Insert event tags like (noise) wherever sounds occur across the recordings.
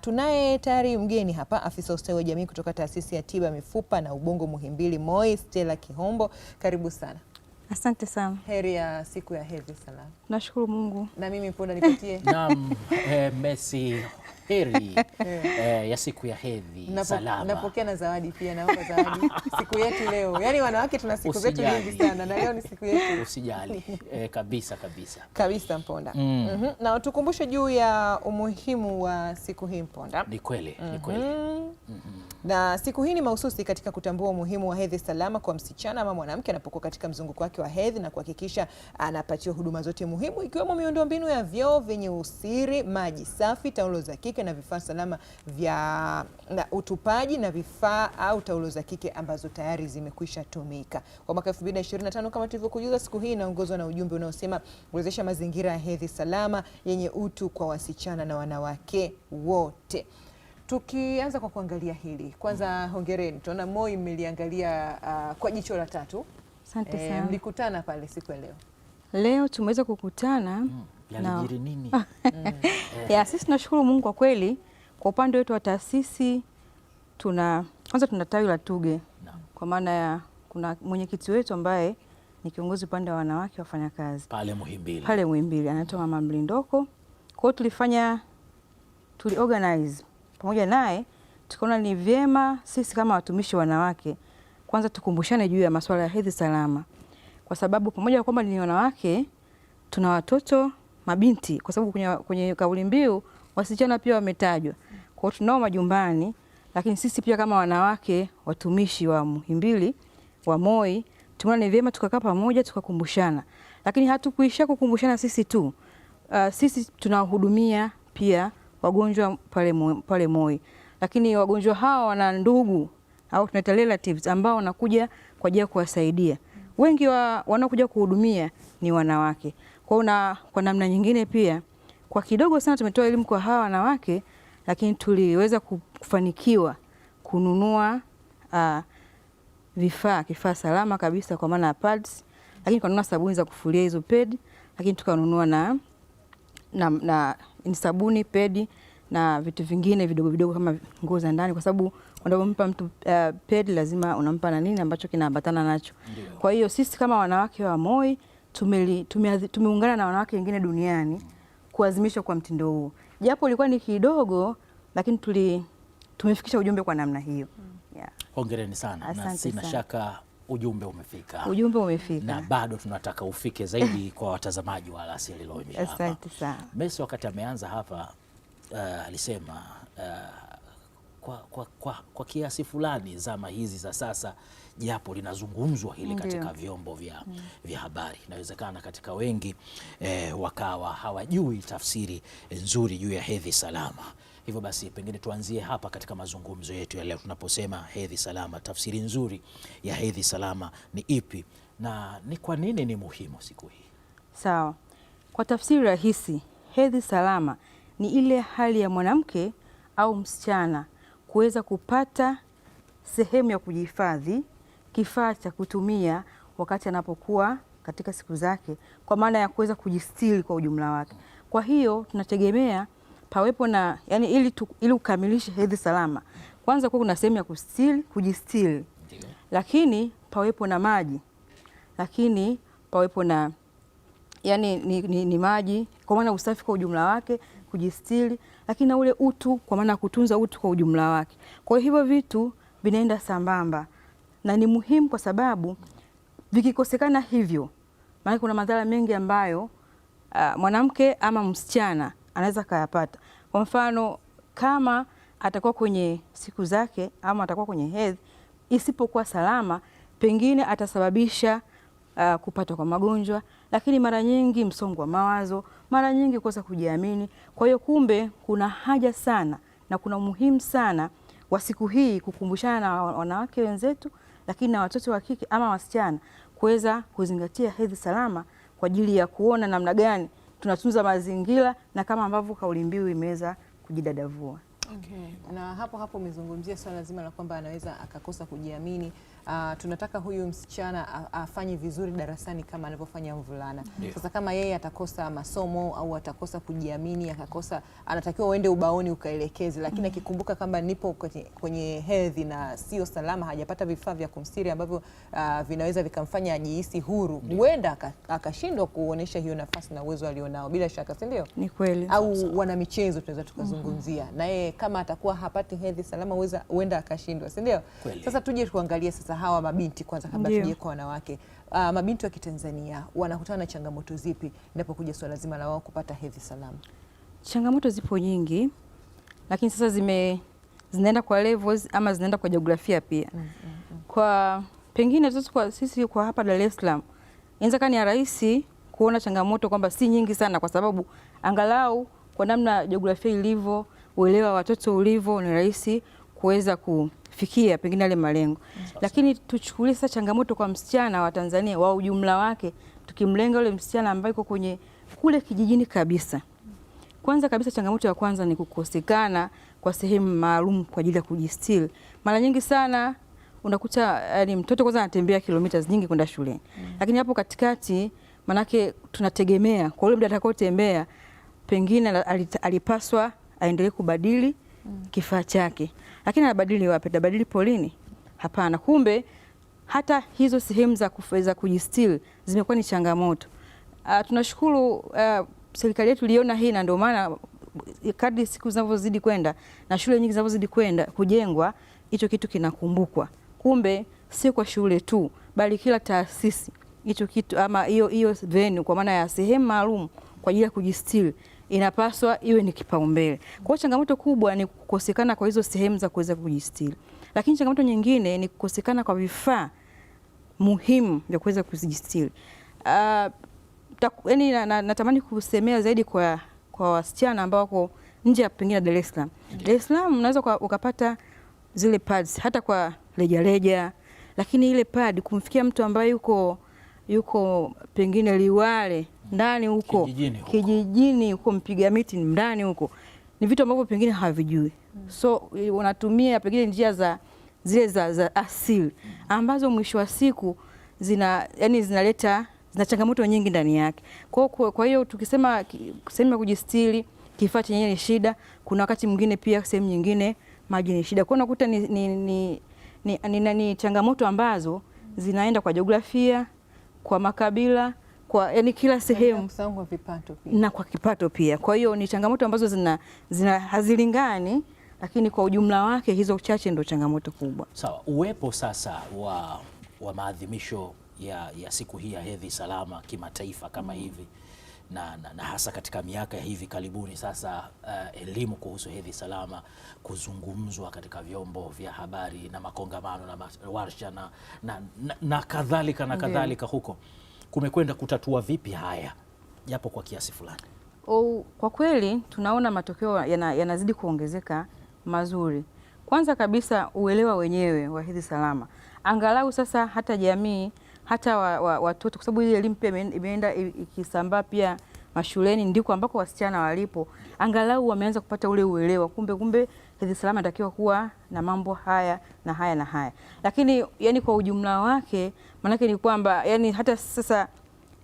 Tunaye tayari mgeni hapa, afisa ustawi wa jamii kutoka taasisi ya tiba mifupa na ubongo Muhimbili MOI, Stella Kihombo, karibu sana. Asante sana. Heri ya siku ya hedhi salama. Nashukuru Mungu. Na mimi pona nipatie. (laughs) Naam, eh, Messi (laughs) heri eh, ya siku ya hedhi salama. Napokea na zawadi pia, naomba zawadi (laughs) siku yetu leo. Yaani wanawake tuna siku zetu nyingi sana na leo ni siku yetu. Usijali. Eh, kabisa kabisa. Kabisa Mponda. Mm. Mm -hmm. Na tukumbushe juu ya umuhimu wa siku hii Mponda. Ni kweli, mm -hmm. ni mhm. kweli. Mm -hmm. Na siku hii ni mahususi katika kutambua umuhimu wa hedhi salama kwa msichana ama mwanamke anapokuwa katika mzunguko wake wa hedhi na kuhakikisha anapatiwa huduma zote muhimu ikiwemo miundombinu ya vyoo vyenye usiri, maji safi, taulo za kike na vifaa salama vya na utupaji na vifaa au taulo za kike ambazo tayari zimekwisha tumika. Kwa mwaka 2025 kama tulivyokujuza, siku hii inaongozwa na ujumbe unaosema kuwezesha mazingira ya hedhi salama yenye utu kwa wasichana na wanawake wote. Tukianza kwa kuangalia hili kwanza, hongereni. Tunaona MOI mmeliangalia uh, kwa jicho la tatu. Asante eh, sana. E, mlikutana pale siku ya leo? Leo tumeweza kukutana mm. Yalijiri no. nini? mm. (laughs) yeah, eh. sisi tunashukuru Mungu kwa kweli. Kwa upande wetu wa taasisi tuna kwanza tuna tawi la Tuge no. kwa maana ya kuna mwenyekiti wetu ambaye ni kiongozi upande wa wanawake wafanyakazi pale Muhimbili, pale Muhimbili anaitwa Mama Mlindoko. Kwa hiyo tulifanya organize pamoja naye, tukaona ni vyema sisi kama watumishi wanawake kwanza tukumbushane juu ya masuala ya hedhi salama, kwa sababu pamoja na kwamba ni wanawake, tuna watoto, mabinti, kwa sababu kwenye, kwenye kauli mbiu wasichana pia wametajwa. Kwa hiyo tunao majumbani, lakini sisi pia kama wanawake watumishi wa Muhimbili wa MOI tumeona ni vyema tukakaa pamoja tukakumbushana, lakini hatukuisha kukumbushana sisi tu. Uh, sisi tunawahudumia pia wagonjwa pale, pale MOI, lakini wagonjwa hawa wana ndugu au tunaita relatives ambao wanakuja kwa ajili ya kuwasaidia. Wengi wa wanaokuja kuhudumia ni wanawake. Kwa una, kwa namna nyingine pia kwa kidogo sana tumetoa elimu kwa hawa wanawake, lakini tuliweza kufanikiwa kununua uh, vifaa kifaa salama kabisa kwa maana ya pads, lakini tukanunua sabuni za kufulia hizo pedi, lakini tukanunua na, na, na sabuni pedi na vitu vingine vidogo vidogo kama nguo za ndani kwa sababu unapompa mtu uh, pedi lazima unampa na nini ambacho kinaambatana nacho. Kwa hiyo sisi kama wanawake wa Moi tumeungana na wanawake wengine duniani kuazimisha kwa mtindo huu, japo ilikuwa ni kidogo, lakini tuli, tumefikisha ujumbe kwa namna hiyo mm. yeah. Hongereni sana. Asante na sina shaka Ujumbe umefika, ujumbe umefika, na bado tunataka ufike zaidi kwa watazamaji wa Alasiri Lounge. Asante sana. Messi wakati ameanza hapa, uh, alisema uh, kwa, kwa, kwa, kwa kiasi fulani zama hizi za sasa, japo linazungumzwa hili Ndiyo. katika vyombo vya, mm. vya habari inawezekana katika wengi eh, wakawa hawajui tafsiri nzuri juu ya hedhi salama. Hivyo basi pengine tuanzie hapa katika mazungumzo yetu ya leo, tunaposema hedhi salama, tafsiri nzuri ya hedhi salama ni ipi na ni kwa nini ni muhimu siku hii? Sawa, kwa tafsiri rahisi, hedhi salama ni ile hali ya mwanamke au msichana kuweza kupata sehemu ya kujihifadhi kifaa cha kutumia wakati anapokuwa katika siku zake, kwa maana ya kuweza kujistiri kwa ujumla wake. Kwa hiyo tunategemea pawepo na yani, ili, tu, ili ukamilishe hedhi salama, kwanza kuwa kuna sehemu ya kustiri, kujistiri, lakini pawepo na maji, lakini pawepo na yani ni, ni, ni maji, kwa maana usafi kwa ujumla wake kujistiri, lakini na ule utu, kwa maana kutunza utu kwa ujumla wake. Kwa hiyo hivyo vitu vinaenda sambamba na ni muhimu, kwa sababu vikikosekana hivyo, maana kuna madhara mengi ambayo uh, mwanamke ama msichana anaweza kayapata. Kwa mfano kama atakuwa kwenye siku zake ama atakuwa kwenye hedhi isipokuwa salama, pengine atasababisha uh, kupatwa kwa magonjwa, lakini mara nyingi msongo wa mawazo mara nyingi kukosa kujiamini. Kwa hiyo kumbe kuna haja sana na kuna umuhimu sana wa siku hii kukumbushana na wanawake wenzetu, lakini na watoto wa kike ama wasichana kuweza kuzingatia hedhi salama kwa ajili ya kuona namna gani tunatunza mazingira na kama ambavyo kauli mbiu imeweza kujidadavua. Okay. Na hapo hapo umezungumzia swala zima la kwamba anaweza akakosa kujiamini uh, tunataka huyu msichana afanye vizuri darasani kama anavyofanya mvulana yeah. Sasa kama yeye atakosa masomo au atakosa kujiamini, akakosa, anatakiwa uende ubaoni ukaelekeze, lakini mm. akikumbuka mm. kwamba nipo kwenye hedhi na sio salama, hajapata vifaa vya kumstiri ambavyo uh, vinaweza vikamfanya ajihisi huru, huenda yeah. akashindwa kuonesha hiyo nafasi na uwezo alionao, bila shaka, si ndio? Ni kweli. Au wana michezo tunaweza tukazungumzia mm. Mm-hmm. naye kama atakuwa hapati hedhi salama, huenda akashindwa, si ndio? Sasa tuje tuangalie sasa sasa hawa mabinti kwanza kabla tuje kwa wanawake uh, mabinti wa Kitanzania wanakutana na changamoto zipi inapokuja swala zima la wao kupata hedhi salama? Changamoto zipo nyingi, lakini sasa zime zinaenda kwa levels ama zinaenda kwa jiografia pia mm, mm, mm. Kwa pengine kwa sisi kwa hapa Dar es Salaam inaweza kani ya rahisi kuona changamoto kwamba si nyingi sana, kwa sababu angalau kwa namna jiografia ilivyo, uelewa watoto ulivyo, ni rahisi kuweza ku kufikia pengine yale malengo mm. Lakini tuchukulie sasa changamoto kwa msichana wa Tanzania wa ujumla wake, tukimlenga yule msichana ambaye yuko kwenye kule kijijini kabisa. Kwanza kabisa, changamoto ya kwanza ni kukosekana kwa sehemu maalum kwa ajili ya kujistiri. Mara nyingi sana unakuta yani, mtoto kwanza anatembea kilomita nyingi kwenda shuleni mm. Lakini hapo katikati, manake tunategemea kwa yule mtu atakayotembea, pengine alipaswa aendelee kubadili mm. kifaa chake lakini anabadili wapi? Anabadili polini? Hapana. Kumbe hata hizo sehemu za kuweza kujistili zimekuwa ni changamoto. Uh, tunashukuru uh, serikali yetu iliona hii na ndio maana kadri siku zinavyozidi kwenda na shule nyingi zinavyozidi kwenda kujengwa, hicho kitu kinakumbukwa. Kumbe sio kwa shule tu, bali kila taasisi hicho kitu ama hiyo hiyo venue, kwa maana ya sehemu maalum kwa ajili ya kujistili inapaswa iwe ni kipaumbele. Kwa hiyo changamoto kubwa ni kukosekana kwa hizo sehemu za kuweza kujistiri, lakini changamoto nyingine ni kukosekana kwa vifaa muhimu vya kuweza kujistiri. Uh, yani na, na, natamani kusemea zaidi kwa, kwa wasichana ambao wako nje ya pengine Dar es Salaam. Dar es Salaam unaweza ukapata zile pads hata kwa lejaleja, lakini ile pad kumfikia mtu ambaye yuko yuko pengine Liwale ndani huko kijijini huko, mpiga miti ndani huko, ni vitu ambavyo pengine hawavijui mm. So wanatumia eh, pengine njia za zile za, za asili ambazo mwisho wa siku zina yani zinaleta zina changamoto nyingi ndani yake. Kwa hiyo kwa hiyo tukisema sehemu ya kujistiri kifaa chenyewe ni shida, kuna wakati mwingine pia sehemu nyingine maji ni shida. Kwa hiyo unakuta ni, ni, ni, ni, ni, ni, ni changamoto ambazo zinaenda kwa jiografia, kwa makabila kwa yani kila sehemu na kwa kipato pia. Kwa hiyo ni changamoto ambazo zina, zina hazilingani, lakini kwa ujumla wake hizo chache ndio changamoto kubwa. Sawa, uwepo sasa wa, wa maadhimisho ya, ya siku hii ya hedhi salama kimataifa kama mm-hmm. hivi na, na, na hasa katika miaka ya hivi karibuni sasa, uh, elimu kuhusu hedhi salama kuzungumzwa katika vyombo vya habari na makongamano na warsha na, na, na, na kadhalika na kadhalika huko kumekwenda kutatua vipi haya japo kwa kiasi fulani? Oh, kwa kweli tunaona matokeo yanazidi yana kuongezeka mazuri. Kwanza kabisa uelewa wenyewe wa hedhi salama, angalau sasa hata jamii hata watoto wa, wa, kwa sababu ile elimu pia imeenda ikisambaa pia mashuleni, ndiko ambako wasichana walipo, angalau wameanza kupata ule uelewa, kumbe kumbe Hizi salama inatakiwa kuwa na mambo haya na haya na haya, lakini yani kwa ujumla wake maanake ni kwamba yani hata sasa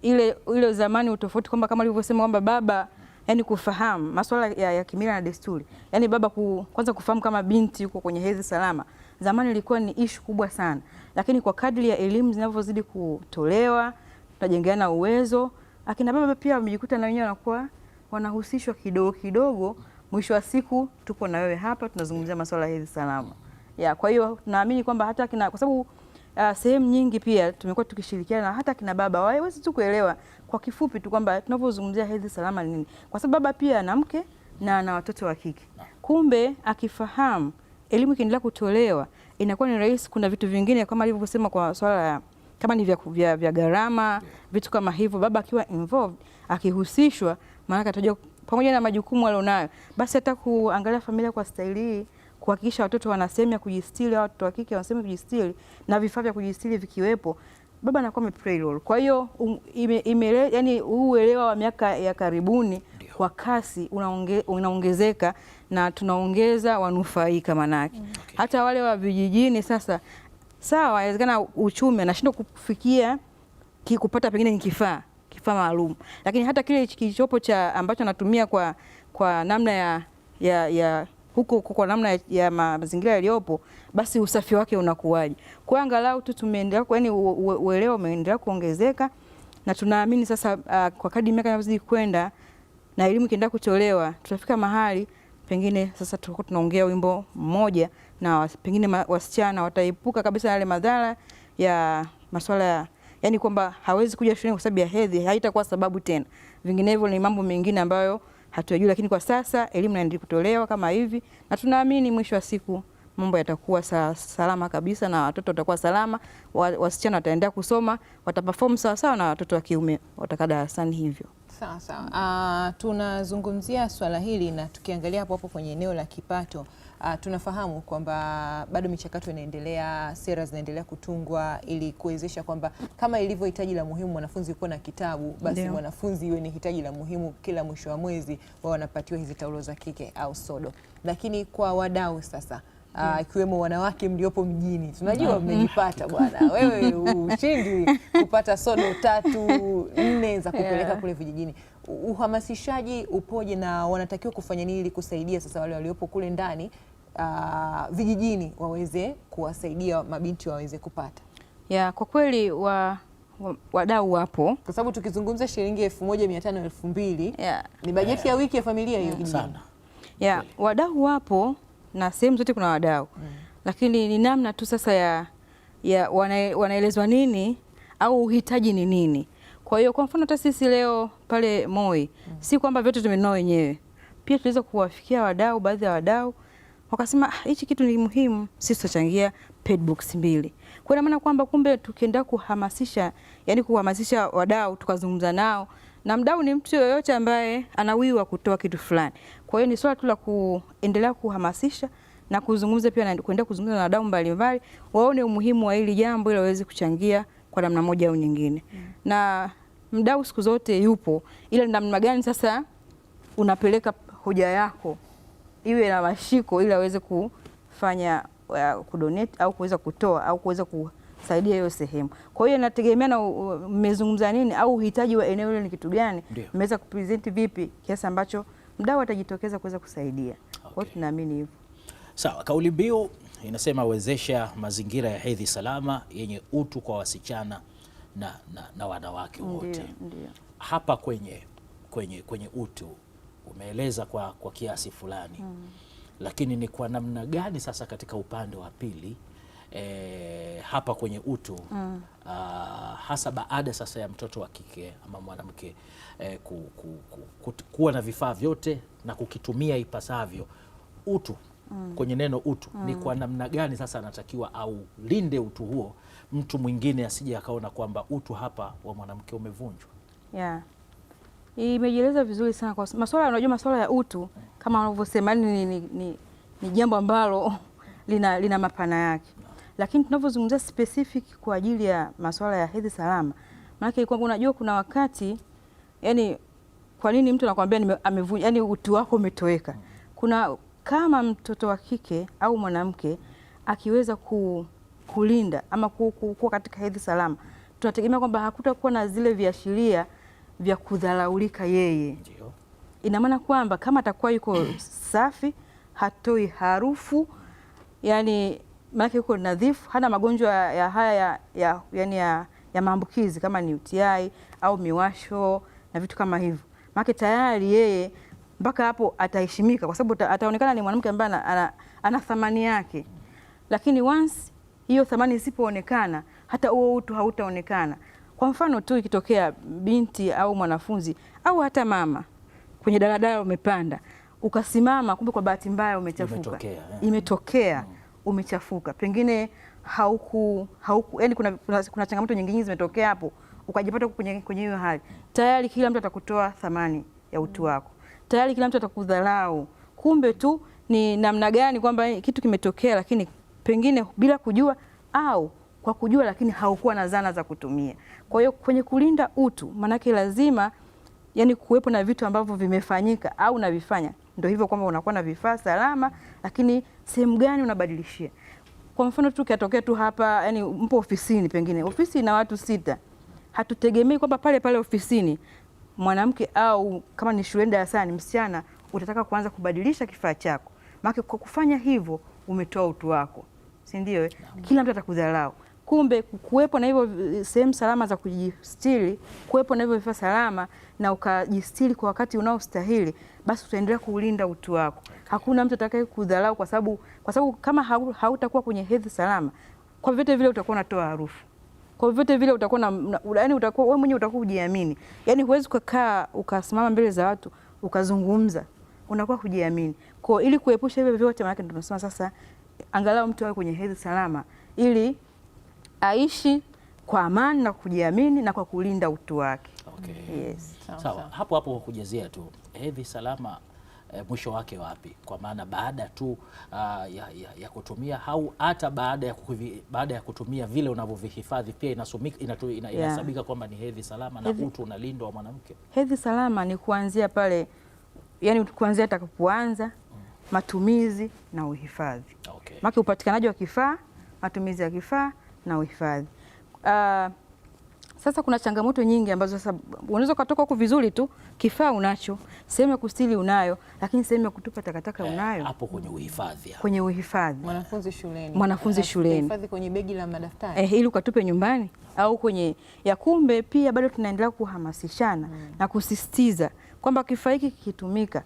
ile ile zamani utofauti kwamba kama alivyosema kwamba baba yani kufahamu masuala ya, ya kimila na desturi, yani baba ku, kwanza kufahamu kama binti yuko kwenye hedhi salama, zamani ilikuwa ni ishu kubwa sana, lakini kwa kadri ya elimu zinavyozidi kutolewa tunajengeana uwezo, akina baba pia wamejikuta na wenyewe wanakuwa wanahusishwa kidogo kidogo mwisho wa siku tupo na wewe hapa, tunazungumzia masuala ya hedhi salama ya. Kwa hiyo tunaamini kwamba hata kina, kwa sababu uh, sehemu nyingi pia tumekuwa tukishirikiana na hata kina baba waiwezi tu kuelewa kwa kifupi tu kwamba tunapozungumzia hedhi salama ni nini, kwa sababu baba pia ana mke na ana watoto wa kike. Kumbe akifahamu elimu ikiendelea kutolewa inakuwa ni rahisi. Kuna vitu vingine kama alivyosema kwa swala ya kama ni vya, vya, vya gharama, vitu kama hivyo, baba akiwa involved akihusishwa, maanake atajua pamoja na majukumu alionayo, basi hata kuangalia familia kwa staili hii, kuhakikisha watoto wana sehemu ya kujistiri, au watoto wa kike wana sehemu ya kujistiri na vifaa vya kujistiri vikiwepo, baba anakuwa ameplay role. Kwa hiyo um, yani huu uelewa wa miaka ya karibuni kwa kasi unaonge, unaongezeka na tunaongeza wanufaika manake, mm. okay. Hata wale wa vijijini sasa, sawa, inawezekana uchumi anashindwa kufikia kupata pengine ni kifaa kifaa maalum, lakini hata kile kilichopo cha ambacho anatumia kwa, kwa namna ya, ya, ya huko kwa namna ya mazingira yaliyopo, basi usafi wake unakuwaje? Kwa angalau tu tumeendelea yani, uelewa umeendelea kuongezeka, na tunaamini sasa, uh, kwa kadri miaka inavyozidi kwenda na elimu ikiendelea kutolewa, tutafika mahali pengine sasa tutakuwa tunaongea wimbo mmoja, na pengine wasichana wataepuka kabisa yale madhara ya masuala ya yani kwamba hawezi kuja shuleni kwa sababu ya hedhi, haitakuwa sababu tena. Vinginevyo ni mambo mengine ambayo hatujui, lakini kwa sasa elimu inaendelea kutolewa kama hivi, na tunaamini mwisho wa siku mambo yatakuwa salama kabisa na watoto watakuwa salama, wasichana wataendelea kusoma, wataperform sawa sawa na watoto wa kiume watakaa darasani hivyo. Sawa sawa. Uh, tunazungumzia swala hili na tukiangalia hapo hapo kwenye eneo la kipato Uh, tunafahamu kwamba bado michakato inaendelea, sera zinaendelea kutungwa ili kuwezesha kwamba kama ilivyo hitaji la muhimu mwanafunzi kuwa na kitabu, basi Deo. mwanafunzi iwe ni hitaji la muhimu kila mwisho wa mwezi wao wanapatiwa hizi taulo za kike au sodo. Lakini kwa wadau sasa ah, ikiwemo uh, wanawake mliopo mjini tunajua mmejipata (laughs) bwana, wewe ushindi kupata sodo tatu nne za kupeleka yeah. kule vijijini uhamasishaji upoje na wanatakiwa kufanya nini ili kusaidia sasa wale waliopo kule ndani uh, vijijini waweze kuwasaidia mabinti waweze kupata ya kwa kweli wa wadau wapo kwa sababu tukizungumza shilingi elfu moja mia tano elfu mbili yeah. ni bajeti ya wiki ya familia hiyo yeah. sana yeah. wadau wapo na sehemu zote kuna wadau mm. lakini ni namna tu sasa ya, ya wanaelezwa nini au uhitaji ni nini kwa hiyo kwa mfano hata sisi leo pale Moi mm. si kwamba vyote tumenao wenyewe pia tunaweza kuwafikia wadau baadhi ya wadau wakasema ah, hichi kitu ni muhimu, sisi tutachangia paid books mbili. Kwa maana kwamba kumbe tukienda kuhamasisha, yani kuhamasisha wadau, tukazungumza nao, na mdau ni mtu yoyote ambaye anawiwa kutoa kitu fulani. Kwa hiyo ni swala tu la kuendelea kuhamasisha na kuzungumza pia na kuenda kuzungumza na wadau mbalimbali, waone umuhimu wa hili jambo ili waweze kuchangia kwa namna moja au nyingine. Mm. Na mdau siku zote yupo, ila namna gani sasa unapeleka hoja yako iwe na mashiko ili aweze kufanya uh, kudonate au kuweza kutoa au kuweza kusaidia hiyo sehemu. Kwa hiyo inategemea na mmezungumza nini au uhitaji wa eneo hilo ni kitu gani, mmeweza kupresent vipi kiasi ambacho mdau atajitokeza kuweza kusaidia. Okay. Kwa hiyo tunaamini hivyo. Sawa, kauli mbiu inasema wezesha mazingira ya hedhi salama yenye utu kwa wasichana na, na, na wanawake wote. Hapa kwenye, kwenye, kwenye utu umeeleza kwa, kwa kiasi fulani mm. Lakini ni kwa namna gani sasa katika upande wa pili e, hapa kwenye utu mm. uh, hasa baada sasa ya mtoto wa kike ama mwanamke e, ku, ku, ku, ku, kuwa na vifaa vyote na kukitumia ipasavyo utu mm. kwenye neno utu mm. ni hmm. kwa namna gani sasa anatakiwa au linde utu huo, mtu mwingine asije akaona kwamba utu hapa wa mwanamke umevunjwa, yeah imejieleza vizuri sana kwa masuala, unajua masuala ya utu kama wanavyosema ni, ni, ni, ni jambo ambalo (laughs) lina, lina mapana yake, lakini tunavyozungumzia specific kwa ajili ya masuala ya hedhi salama, manake kwamba unajua kuna wakati yani, kwa nini mtu anakuambia amevunja, yani utu wako umetoweka? Kuna kama mtoto wa kike au mwanamke akiweza ku, kulinda ama kuwa katika hedhi salama, tunategemea kwamba hakutakuwa na zile viashiria vya kudharaulika yeye. Ndio. Ina maana kwamba kama atakuwa yuko safi, hatoi harufu, yani maanake yuko nadhifu, hana magonjwa ya haya ya, ya, yani ya, ya maambukizi kama ni UTI au miwasho na vitu kama hivyo, maanake tayari yeye mpaka hapo ataheshimika, kwa sababu ataonekana ni mwanamke ambaye ana, ana, ana thamani yake. Lakini once hiyo thamani isipoonekana, hata huo utu hautaonekana. Kwa mfano tu ikitokea binti au mwanafunzi au hata mama kwenye daladala umepanda ukasimama, kumbe kwa bahati mbaya umechafuka, imetokea, yeah. imetokea mm. umechafuka pengine hauku hauku, yani kuna, kuna, kuna changamoto nyingine zimetokea hapo, ukajipata kwenye kwenye hiyo hali tayari, kila mtu atakutoa thamani ya utu mm. wako tayari, kila mtu atakudharau, kumbe tu ni namna gani kwamba kitu kimetokea, lakini pengine bila kujua au kwa kujua, lakini haukuwa na zana za kutumia. Kwa hiyo kwenye kulinda utu, maanake lazima yani kuwepo na vitu ambavyo vimefanyika au unavifanya, ndio hivyo kwamba unakuwa na vifaa salama, lakini sehemu gani unabadilishia. Kwa mfano tu kiatokea tu hapa, yani mpo ofisini, pengine ofisi ina watu sita, hatutegemei kwamba pale pale ofisini mwanamke au kama ni shuleni darasani msichana utataka kuanza kubadilisha kifaa chako, maana kwa kufanya hivyo umetoa utu wako, si ndio? Kila mtu atakudharau. Kumbe kuwepo na hivyo sehemu salama za kujistiri, kuwepo na hivyo vifaa salama na ukajistiri kwa wakati unaostahili, basi utaendelea kuulinda utu wako. Hakuna mtu atakaye kudharau kwa sababu kwa sababu kama hautakuwa kwenye hedhi salama, kwa vyote vile utakuwa unatoa harufu. Kwa vyote vile utakuwa na yaani utakuwa wewe mwenyewe utakuwa hujiamini. Yani huwezi kukaa ukasimama mbele za watu ukazungumza. Unakuwa hujiamini. Kwa ili kuepusha hivyo vyote maana tunasema sasa angalau mtu awe kwenye hedhi salama ili aishi kwa amani na kujiamini na kwa kulinda utu wake. Okay. Yes. Sawa, sawa. Hapo hapo kwa kujazia tu hedhi salama e, mwisho wake wapi? Kwa maana baada tu uh, ya, ya, ya kutumia au hata baada ya, kuhivi, baada ya kutumia vile unavyovihifadhi pia inasumika inatu, ina, yeah. inasabika kwamba ni hedhi salama na utu unalindwa wa mwanamke. Hedhi salama ni kuanzia pale yani kuanzia atakapoanza mm. matumizi na uhifadhi. Okay. Maki upatikanaji wa kifaa, matumizi ya kifaa na uhifadhi. Uh, sasa kuna changamoto nyingi ambazo sasa unaweza ukatoka huko vizuri tu, kifaa unacho, sehemu ya kustiri unayo, lakini sehemu ya kutupa takataka eh, unayo hapo kwenye uhifadhi, kwenye uhifadhi, mwanafunzi shuleni, mwanafunzi shuleni, uhifadhi kwenye begi la madaftari eh, ili ukatupe nyumbani au kwenye ya. Kumbe pia bado tunaendelea kuhamasishana hmm, na kusisitiza kwamba kifaa hiki kikitumika,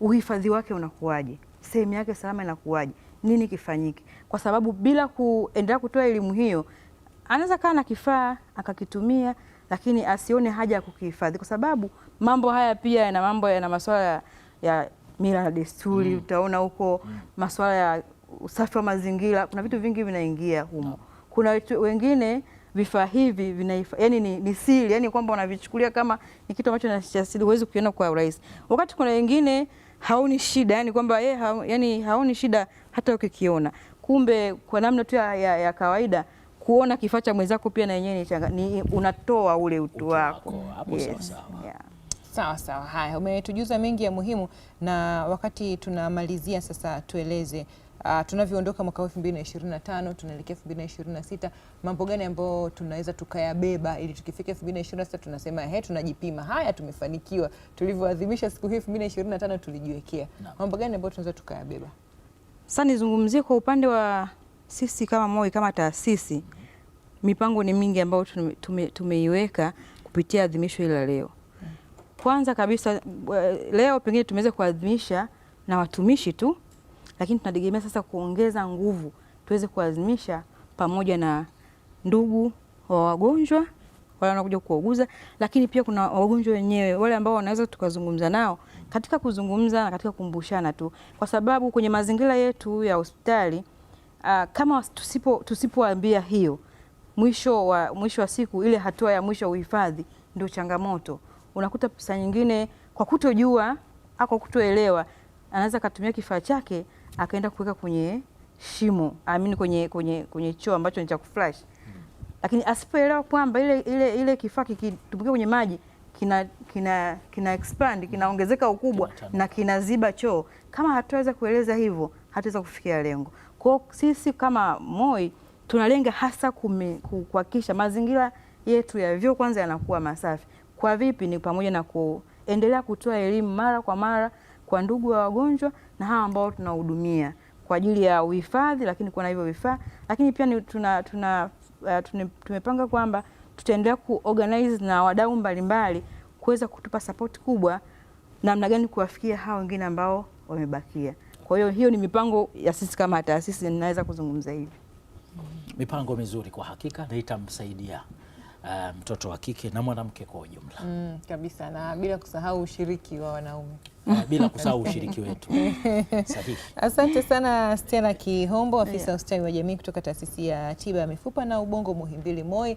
uhifadhi wake unakuwaje, sehemu yake salama inakuwaje? nini kifanyike, kwa sababu bila kuendelea kutoa elimu hiyo anaweza kaa na kifaa akakitumia, lakini asione haja ya kukihifadhi, kwa sababu mambo haya pia yana mambo yana masuala ya ya mila na desturi mm. Utaona huko mm. masuala ya usafi wa mazingira, kuna vitu vingi vinaingia humo no. Kuna watu wengine vifaa hivi vina yani ni, ni siri yani kwamba wanavichukulia kama ni kitu ambacho cha siri, huwezi kuiona kwa urahisi, wakati kuna wengine haoni shida yani kwamba yeye ha, yani haoni shida hata ukikiona. Kumbe kwa namna tu ya, ya kawaida kuona kifaa cha mwenzako pia na yenyewe ni unatoa ule utu wako. sawa sawa. Sawa sawa. Haya, umetujuza mengi ya muhimu, na wakati tunamalizia sasa, tueleze uh, tunavyoondoka mwaka 2025 tunaelekea 2026, mambo gani ambayo tunaweza tukayabeba ili tukifika 2026 tunasema he, tunajipima, haya, tumefanikiwa. Tulivyoadhimisha siku hii 2025 tulijiwekea mambo gani ambayo tunaweza tukayabeba? Sasa nizungumzie kwa upande wa sisi kama MOI kama taasisi, mipango ni mingi ambayo tume, tumeiweka kupitia adhimisho hili la leo. Kwanza kabisa eh, leo pengine tumeweza kuadhimisha na watumishi tu, lakini tunategemea sasa kuongeza nguvu tuweze kuadhimisha pamoja na ndugu wa wagonjwa wale wanakuja kuuguza, lakini pia kuna wagonjwa wenyewe wale ambao wanaweza tukazungumza nao katika kuzungumza na katika kumbushana tu, kwa sababu kwenye mazingira yetu ya hospitali uh, kama tusipo tusipoambia hiyo, mwisho wa, mwisho wa siku ile hatua ya mwisho uhifadhi ndio changamoto. Unakuta pesa nyingine kwa kutojua au kwa kutoelewa, anaweza akatumia kifaa chake akaenda kuweka kwenye shimo amini, kwenye, kwenye, kwenye choo ambacho ni cha kuflash lakini asipoelewa kwamba ile, ile, ile kifaa kikitumbukia kwenye maji kina, kina, kina expand kinaongezeka ukubwa na kinaziba choo. Kama hatuweza kueleza hivyo, hatuweza kufikia lengo. Kwa sisi kama MOI tunalenga hasa kuhakikisha mazingira yetu ya vyoo kwanza yanakuwa masafi. Kwa vipi? Ni pamoja na kuendelea kutoa elimu mara kwa mara kwa ndugu wa wagonjwa na hawa ambao tunahudumia kwa ajili ya uhifadhi, lakini kuna hivyo vifaa, lakini pia ni tuna, tuna uh, tumepanga kwamba tutaendelea kuorganize na wadau mbalimbali kuweza kutupa support kubwa namna gani kuwafikia hao wengine ambao wamebakia. Kwa hiyo hiyo ni mipango ya sisi kama taasisi, ninaweza kuzungumza hivi. Mipango mizuri kwa hakika na itamsaidia Uh, mtoto um, wa kike na mwanamke kwa ujumla mm, kabisa na bila kusahau ushiriki wa wanaume uh, bila kusahau ushiriki wetu (laughs) sahihi. Asante sana Stella Kihombo, afisa ustawi wa jamii kutoka taasisi ya tiba ya mifupa na ubongo Muhimbili MOI.